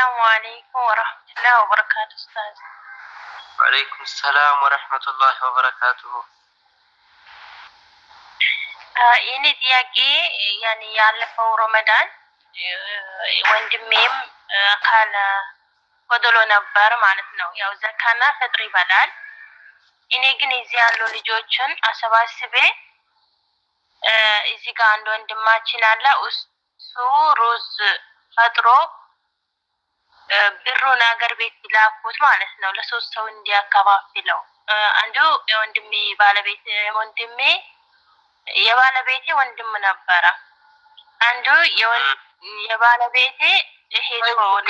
አሰላሙ አለይኩም ወረህመቱላህ ወበረካቱ። ኡስታዝ ወአለይኩም ሰላም ወረህመቱላህ ወበረካቱ። የኔ ጥያቄ ያን ያለፈው ረመዳን ወንድሜም አካል ጎደሎ ነበር ማለት ነው። ያው ዘካና ፈጥር ይበላል። እኔ ግን እዚህ ያሉ ልጆችን አሰባስቤ እዚህ ጋር አንድ ወንድማችን አለ እሱ ሩዝ ፈጥሮ ብሩን ሀገር ቤት ሲላኩት ማለት ነው። ለሶስት ሰው እንዲያከፋፍለው አንዱ የወንድሜ ባለቤት ወንድሜ የባለቤቴ ወንድም ነበረ። አንዱ የባለቤቴ እህት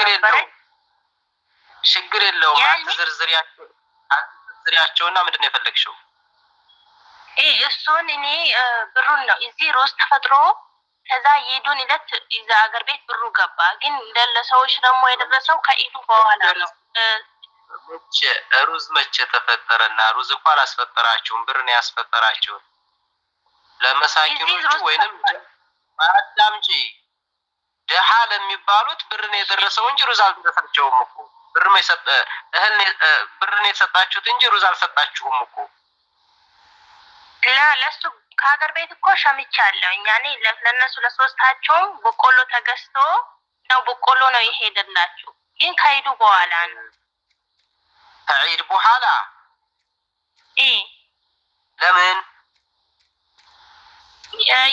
ነበረ። ችግር የለውም። ዝርዝሪያቸውና ምንድን ነው የፈለግሽው? እሱን እኔ ብሩን ነው እዚህ ሮስ ተፈጥሮ ከዛ የኢዱን ይለት ይዛ ሀገር ቤት ብሩ ገባ። ግን ለሰዎች ደግሞ የደረሰው ከኢዱ በኋላ ነው። መቼ ሩዝ መቼ ተፈጠረና? ሩዝ እኮ አላስፈጠራችሁም፣ ብር ነው ያስፈጠራችሁት ለመሳኪኖቹ ወይንም አዳምጪ፣ ድሃ ለሚባሉት ብር ነው የደረሰው እንጂ ሩዝ አልደረሳቸውም እኮ ብር እህል ብር ነው የሰጣችሁት እንጂ ሩዝ አልሰጣችሁም እኮ ለእሱ ከሀገር ቤት እኮ ሸምቻለሁ። እኛ ለእነሱ ለሶስታቸውም በቆሎ ተገዝቶ ነው በቆሎ ነው የሄደላችሁ። ግን ከሄዱ በኋላ ነው ከዒድ በኋላ ለምን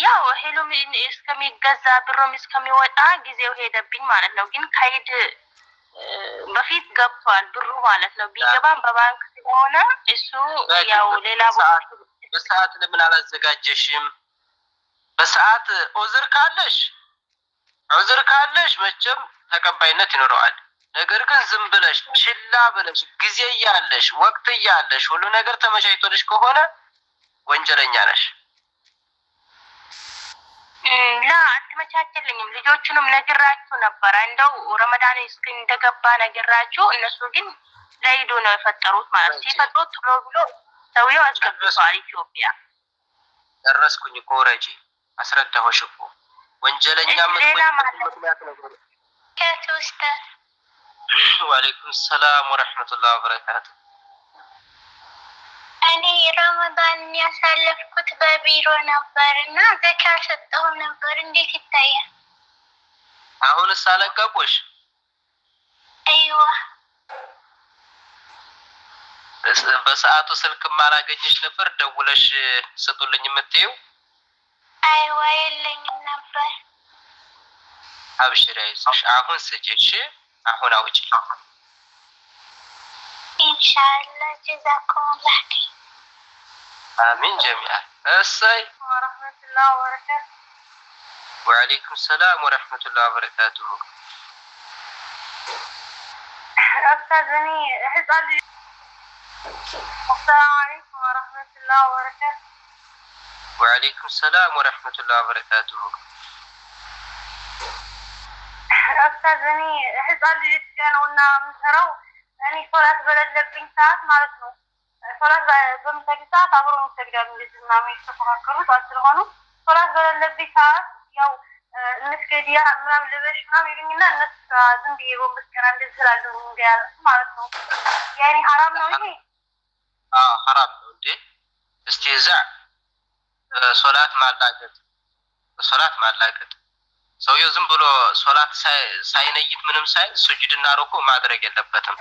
ያው እህሉም እስከሚገዛ ብሩም እስከሚወጣ ጊዜው ሄደብኝ ማለት ነው። ግን ከዒድ በፊት ገብቷል ብሩ ማለት ነው። ቢገባም በባንክ ስለሆነ እሱ ያው ሌላ ቦታ በሰዓት ለምን አላዘጋጀሽም? በሰዓት ዑዝር ካለሽ ዑዝር ካለሽ መቼም ተቀባይነት ይኖረዋል። ነገር ግን ዝም ብለሽ ችላ ብለሽ ጊዜ እያለሽ ወቅት እያለሽ ሁሉ ነገር ተመቻችቶልሽ ከሆነ ወንጀለኛ ነሽ። ላ አትመቻችልኝም። ልጆቹንም ነግራችሁ ነበረ። እንደው ረመዳን እስኪ እንደገባ ነግራችሁ፣ እነሱ ግን ለይዱ ነው የፈጠሩት ማለት ሲፈጥሩት ብሎ ብሎ ሰውየው አስገብቷል ኢትዮጵያ። ደረስኩኝ እኮ ረጂ አስረዳሁሽ እኮ ወንጀለኛ ምክንያት ነው። ወአለይኩም ሰላም ወረሕመቱላህ ወበረካቱ። እኔ ረመዳን ያሳለፍኩት በቢሮ ነበር እና ዘካ ሰጠሁ ነበር። እንዴት ይታያል? አሁንስ አለቀቁሽ? አይዋ በሰዓቱ ስልክም አላገኘሽ ነበር ደውለሽ ስጡልኝ የምትይው? አይዋ የለኝም ነበር። አብሽሪ፣ አይዞሽ። አሁን ስጭሽ፣ አሁን አውጪ። ኢንሻአላ ጀዛኩሙላህ። አሚን ጀሚያ። እሰይ ወረህመቱላህ ወበረካቱ። ወአለይኩም ሰላም ወረህመቱላህ ወበረካቱ። ኡስታዝ እኔ ህፃን السلام ورحمة الله وبركاته وعليكم السلام ورحمة الله وبركاته أستاذ أني أحس عندي جيت كان قلنا مسهروا أني فرات بلد لبين ساعات ما رسموا فرات بمساقي ساعات عبروا مساقي قادم جيت لنا ميش تفوها كروت وأسرغانو فرات بلد لبين ساعات يو الناس كيديا مرام لبش مرام يقولني لا الناس زنبي يقوم بس كنا نزل على الدنيا ما رسموا يعني حرام نوعي ሀራም ነው እንዴ? እስትህዛዕ ሶላት ማላገጥ ሶላት ማላገጥ ሰውየው ዝም ብሎ ሶላት ሳይነይት ምንም ሳይል ሱጁድና ሩኩ ማድረግ የለበትም።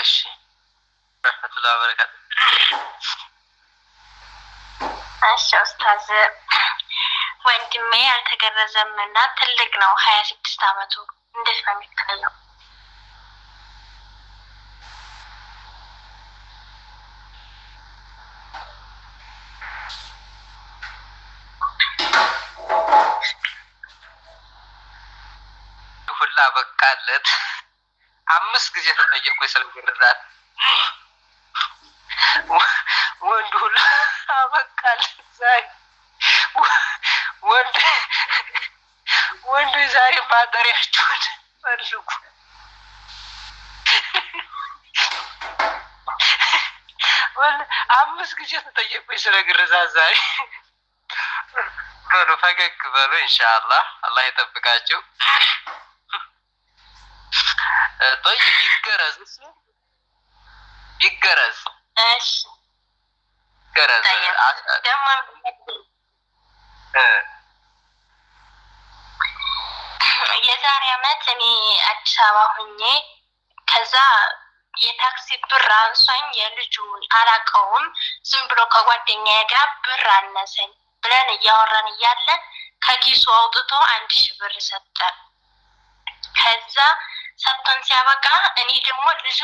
እሺ ረህመቱላ በረካቱ። እሺ ኡስታዝ ወንድሜ አልተገረዘም እና ትልቅ ነው ሀያ ስድስት አመቱ እንዴት ነው የሚታየው? ሁላ በቃለት አምስት ጊዜ ተጠየቁ ስለግርዛት ወንድ ሁላ በቃለት ዛይ ማደሪያችሁን ፈልጉ። አምስት ጊዜ ተጠየቁኝ ስለ ግርዛት ዛሬ። በሉ ፈገግ በሉ። ኢንሻአላህ አላህ ይጠብቃችሁ። ጦይ ይገረዝ ይገረዝ ይገረዝ ደግሞ የዛሬ አመት እኔ አዲስ አበባ ሁኜ ከዛ የታክሲ ብር አንሷኝ የልጁን አላቀውም ዝም ብሎ ከጓደኛ ጋር ብር አነሰኝ ብለን እያወራን እያለን ከኪሱ አውጥቶ አንድ ሺህ ብር ሰጠን። ከዛ ሰጥቶን ሲያበቃ እኔ ደግሞ ልጁ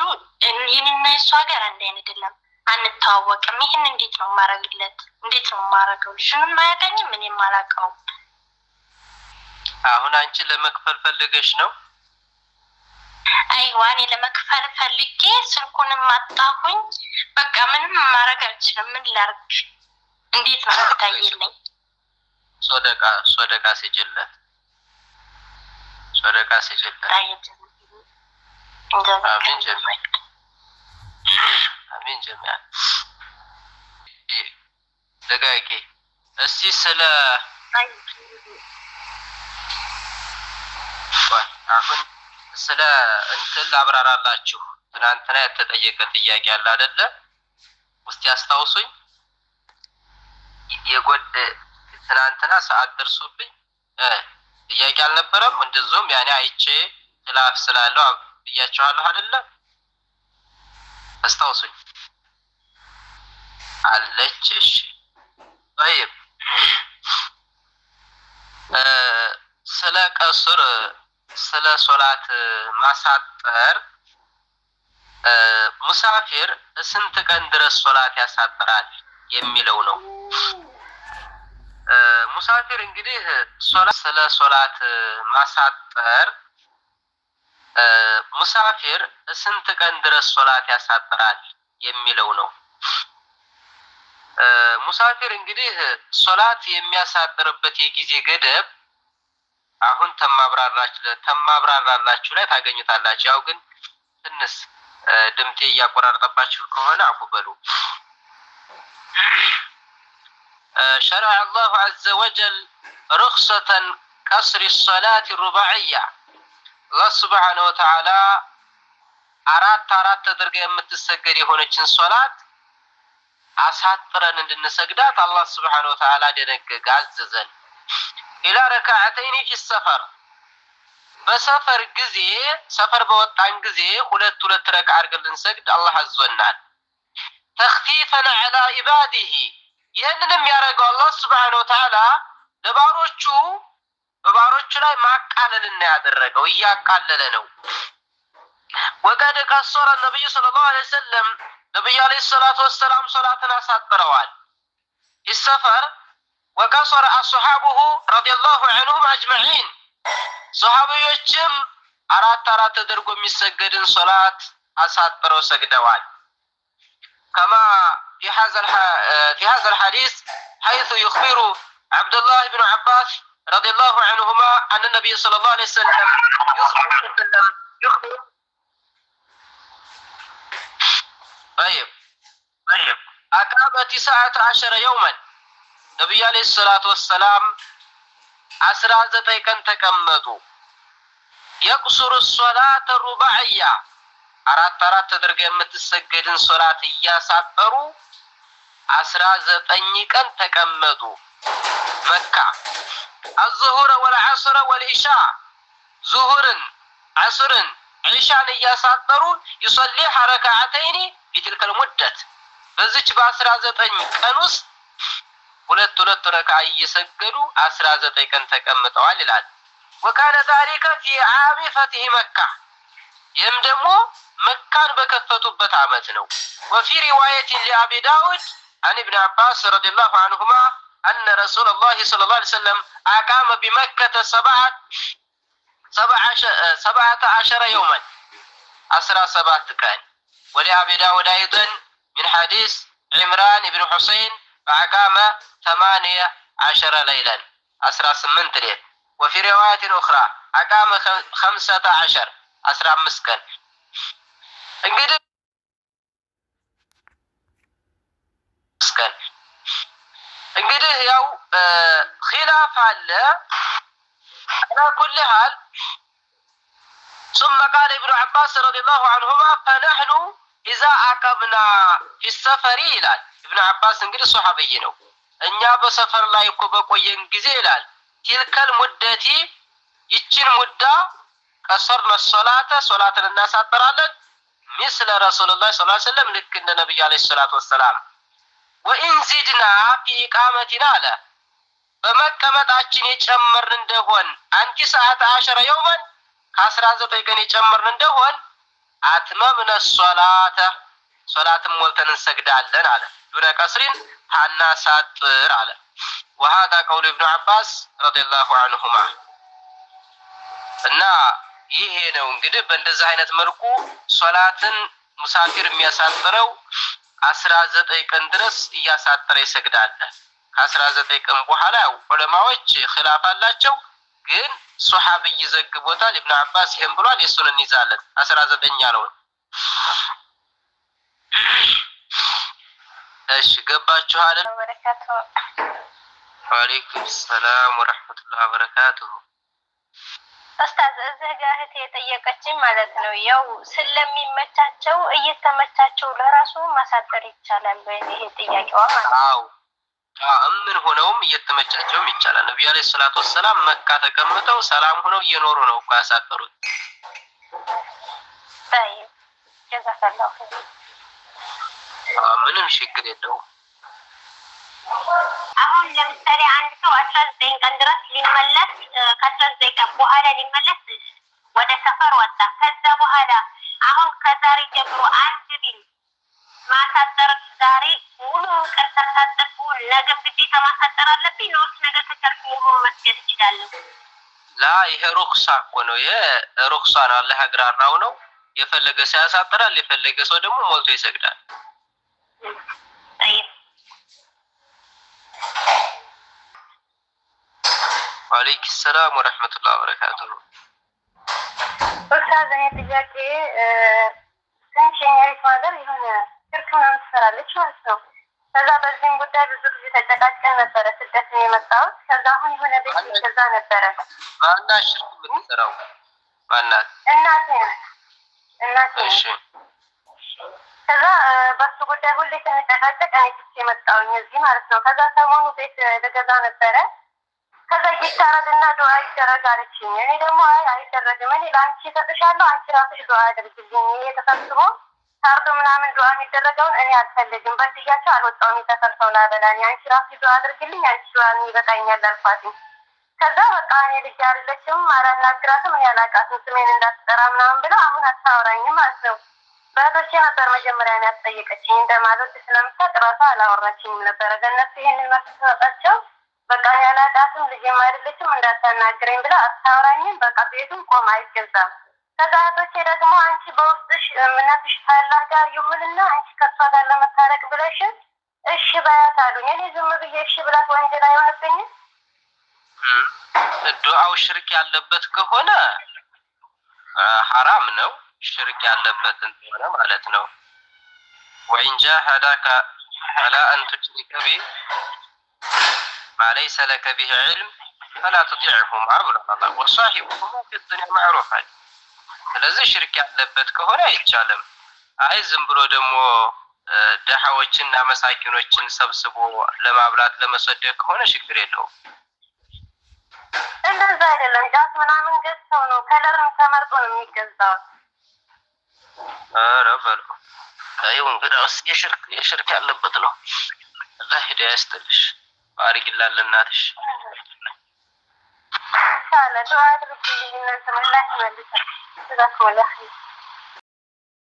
ይህንና የሱ ሀገር አንድ አይነት አይደለም፣ አንተዋወቅም። ይህን እንዴት ነው ማረግለት? እንዴት ነው ማረገው? ልጁንም አያገኝም እኔም አላቀውም። አሁን አንቺ ለመክፈል ፈልገሽ ነው? አይዋ እኔ ለመክፈል ፈልጌ ስልኩንም አጣሁኝ። በቃ ምንም ማድረግ አልችልም። ምን ላርግ? እንዴት ነው የምታየልኝ? ሶደቃ ሶደቃ ሲጭለት ሶደቃ ስጭለት። አሚን ጀሚያ። ደጋቂ እስቲ ስለ አሁን ስለ እንትን ላብራራላችሁ። ትናንትና የተጠየቀ ጥያቄ አለ አይደለ? ውስጥ ያስታውሱኝ። የጎድ ትናንትና ሰዓት ደርሶብኝ ጥያቄ አልነበረም። እንደዚሁም ያኔ አይቼ ትላፍ ስላለው ብያችኋለሁ አይደለ? አስታውሱኝ። አለች። እሺ ጠይብ ስለ ቀሱር ስለ ሶላት ማሳጠር ሙሳፊር እስንት ቀን ድረስ ሶላት ያሳጥራል የሚለው ነው። ሙሳፊር እንግዲህ ስለ ሶላት ማሳጠር ሙሳፊር እስንት ቀን ድረስ ሶላት ያሳጥራል የሚለው ነው። ሙሳፊር እንግዲህ ሶላት የሚያሳጥርበት የጊዜ ገደብ አሁን ተማብራራላችሁ ላይ ታገኙታላችሁ። ያው ግን ትንስ ድምጤ እያቆራረጠባችሁ ከሆነ አፉ በሉ። ሸርዐ አላሁ ዐዘ ወጀል ሩክሰተን ቀስሪ ሰላት ሩባዕያ አላህ ስብሓነ ወተዓላ አራት አራት ተደርጋ የምትሰገድ የሆነችን ሶላት አሳጥረን እንድንሰግዳት አላህ ስብሓነ ወተዓላ ደነገገ፣ አዘዘን። ኢላ ረካዓተይኒ ፊ ሰፈር በሰፈር ጊዜ ሰፈር በወጣን ጊዜ ሁለት ሁለት ረካ አድርገን ልንሰግድ አላህ አዞናል። ተክፊፈን ዐላ ኢባዲሂ ይህንንም ያደረገው አላህ ስብሓነሁ ወተዓላ ለባሮቹ በባሮቹ ላይ ማቃለልና ያደረገው እያቃለለ ነው። ወቀድ ቀሶረ ነቢዩ ሰለላሁ ዐለይሂ ወሰለም ነቢዩ ዐለይሂ ሰላቱ ወሰላም ሶላትን አሳጥረዋል። ይሰፈር وكسر أصحابه رضي الله عنهم أجمعين صحابي يجم أرات أرات درقو مسجدين صلاة أسات برو سجدوان كما في هذا الح... في هذا الحديث حيث يخبر عبد الله بن عباس رضي الله عنهما أن النبي صلى الله عليه وسلم يخبر, يخبر... طيب طيب أقام تسعة عشر يوماً ነቢዩ አለይሂ ሰላቱ ወሰላም አስራ ዘጠኝ ቀን ተቀመጡ። የቁሱሩ ሶላተ ሩባዕያ አራት አራት ተደርጋ የምትሰገድን ሶላት እያሳጠሩ አስራ ዘጠኝ ቀን ተቀመጡ መካ። አዙሁረ ወለዐሱረ ወልኢሻ ዙሁርን፣ ዐሱርን፣ ዒሻን እያሳጠሩ ይሰሊ ሐረካዓተይኒ ፊትልከል ሙደት በዚች በአስራ ዘጠኝ ቀን ውስጥ ሁለት ሁለት ረክዓ እየሰገዱ አስራ ዘጠኝ ቀን ተቀምጠዋል ይላል። ወካነ ዛሊከ ፊ አሚ ፈትህ መካ፣ ይህም ደግሞ መካን በከፈቱበት ዓመት ነው። ወፊ ሪዋየትን ሊአቢ ዳውድ አን ብን አባስ ረዲላሁ አንሁማ አነ ረሱላ ላህ ሰለላሁ ዐለይሂ ወሰለም አቃመ ቢመከተ ሰብዓተ ዓሸረ የውመን አስራ ሰባት ቀን ወሊአቢ ዳውድ አይደን ምን ሐዲስ ዕምራን ብን ሑሰይን فأقام ثمانية عشر ليلا أسرى سمن ليل وفي رواية أخرى أقام خمسة عشر أسرى مسكن انقدر مسكن እንግዲህ ያው ኺላፍ አለ አላ ኩል ሃል ثم قال ابن عباس رضي الله عنهما فنحن ኢዛ አቀብና ፊሰፈሪ ይላል እብን አባስ እንግዲህ ሶሐበይ ነው። እኛ በሰፈር ላይ እኮ በቆየን ጊዜ ይላል ቲልከል ሙደቲ ይችን ሙዳ ቀሰርነ ሶላተ ሶላትን እናሳጠራለን ሚስለ ረሱሉላ ስ ሰለም ልክ እንደ ነቢዩ አለ ሰላት ወሰላም ወኢንዚድና ፊኢቃመቲና አለ በመቀመጣችን የጨመርን እንደሆን አንቲ ሰዓት አሸረ የውመን ከአስራ ዘጠኝ ቀን የጨመርን እንደሆን አትመምነ ሶላተ ሶላትን ሞልተን እንሰግዳለን አለ። ዱነ ቀስሪን ታናሳጥር አለ። ወሀዛ ቀውሉ ኢብኑ አባስ ረዲየላሁ አንሁማ እና ይሄ ነው እንግዲህ በእንደዚህ አይነት መልኩ ሶላትን ሙሳፊር የሚያሳጥረው አስራ ዘጠኝ ቀን ድረስ እያሳጠረ ይሰግዳለ። ከአስራ ዘጠኝ ቀን በኋላ ያው ዑለማዎች ኺላፍ አላቸው። ግን ሱሐብይ ዘግቦታል። ኢብኑ አባስ ይህን ብሏል። የእሱን እንይዛለን። አስራ ዘጠኝ ያለውን እሺ፣ ገባችኋል? ወአለይኩም ሰላም ወረሕመቱላህ ወበረካቱሁ። ኡስታዝ እዚህ ጋር እህቴ የጠየቀችኝ ማለት ነው ያው ስለሚመቻቸው እየተመቻቸው ለራሱ ማሳጠር ይቻላል ወይ? ይሄ ጥያቄዋ ማለት ነው። እምን ሆነውም እየተመቻቸውም ይቻላል። ነቢዩ ዓለይሂ ሰላቱ ወሰላም መካ ተቀምጠው ሰላም ሆነው እየኖሩ ነው እኮ ያሳፈሩት። ምንም ችግር የለውም። አሁን ለምሳሌ አንድ ሰው አስራ ዘጠኝ ቀን ድረስ ሊመለስ ከአስራ ዘጠኝ ቀን በኋላ ሊመለስ ወደ ሰፈር ወጣ። ከዛ በኋላ አሁን ከዛሬ ጀምሮ አንድ ቢል ማሳጠር ዛሬ ውሎ ቀን ሳታጠብኩ ነገም ግዴታ ማሳጠር አለብኝ ነው ወይስ ነገር ተቻልኩ ውሎ መስገድ እችላለሁ? ላ ይሄ ሩክሳ እኮ ነው። ይሄ ሩክሳ ነው። አላህ አግራራው ነው። የፈለገ ሰው ያሳጥራል፣ የፈለገ ሰው ደግሞ ሞልቶ ይሰግዳል። ዋሌይክ ሰላም ወረህመቱላህ ወበረካቱ። ኡስታዝ እኔ ጥያቄ ትንሽ የኛ ማዘር የሆነ ሽርክ ምናምን ትሰራለች ማለት ነው ከዛ በዚህም ጉዳይ ብዙ ጊዜ ተጨቃጭቀን ነበረ። ስደት ነው የመጣሁት። ከዛ አሁን የሆነ ቤት ከዛ ነበረ። እናቴ ከዛ በሱ ጉዳይ ሁሌ ስንጨቃጨቅ እኔ ትቼ የመጣሁኝ እዚህ ማለት ነው። ከዛ ሰሞኑ ቤት ልገዛ ነበረ። ከዛ ይታረድ ይታረድና ዱዓ ይደረግ አለችኝ። እኔ ደግሞ አይ አይደረግም፣ እኔ ለአንቺ እሰጥሻለሁ፣ አንቺ ራስሽ ዱዓ አድርግልኝ፣ ይሄ ተሰብስቦ ታርቶ ምናምን ዱዓ የሚደረገውን እኔ አልፈልግም። በድያቸው አልወጣውም። የተፈርሰው ላበላኝ አንቺ ራሱ ዱዓ አድርግልኝ አንቺ ዱዓ ይበቃኛል አልኳትኝ። ከዛ በቃ እኔ ልጅ አይደለችም አላናግራትም፣ እኔ አላውቃትም፣ ስሜን እንዳትጠራ ምናምን ብለው አሁን አታወራኝም ማለት ነው። በእህቶቼ ነበር መጀመሪያ ነው ያስጠየቀችኝ። እንደማለት ስለምታውቅ ራሷ አላወራችኝም ነበረ። ገነሱ ይህንን መስ ሰጣቸው። በቃ እኔ አላውቃትም፣ ልጅም አይደለችም፣ እንዳታናግረኝ ብለው አታወራኝም። በቃ ቤቱም ቆም አይገዛም ከዛ ደግሞ አንቺ በውስጥሽ እምነትሽ ታላህ ጋር ይሁንና አንቺ ከሷ ጋር ለመታረቅ ብለሽን እሺ በያት አሉኝ። እኔ ዝም ብዬ እሺ ብላት ወንጀል አይሆንብኝም? ዱዓው ሽርክ ያለበት ከሆነ ሀራም ነው። ሽርክ ያለበት እንደሆነ ማለት ነው። ወኢን ጃሃዳከ አላ አን ቱሽሪከ ቢ ማ ለከ ቢህ ዕልም ፈላ ቱጢዕሁማ ብሏል አላህ። ወሳሂቡሁማ ፊ ማዕሩፍ አለ ስለዚህ ሽርክ ያለበት ከሆነ አይቻልም። አይ ዝም ብሎ ደግሞ ደሃዎችን ደሃዎችና መሳኪኖችን ሰብስቦ ለማብላት ለመሰደግ ከሆነ ችግር የለውም። እንደዛ አይደለም። ጃስ ምናምን ገዝተው ነው ከለርም ተመርጦ ነው የሚገዛው። ኧረ በለው ይኸው እንግዳውስ የሽርክ ያለበት ነው። እዛ ሂዳ ይስጥልሽ፣ ባሪክ ይላል እናትሽ ኢንሻአላህ። ዱዓ አድርግልኝ፣ እነሱን አላህ ይመልሳል። جزاك الله خير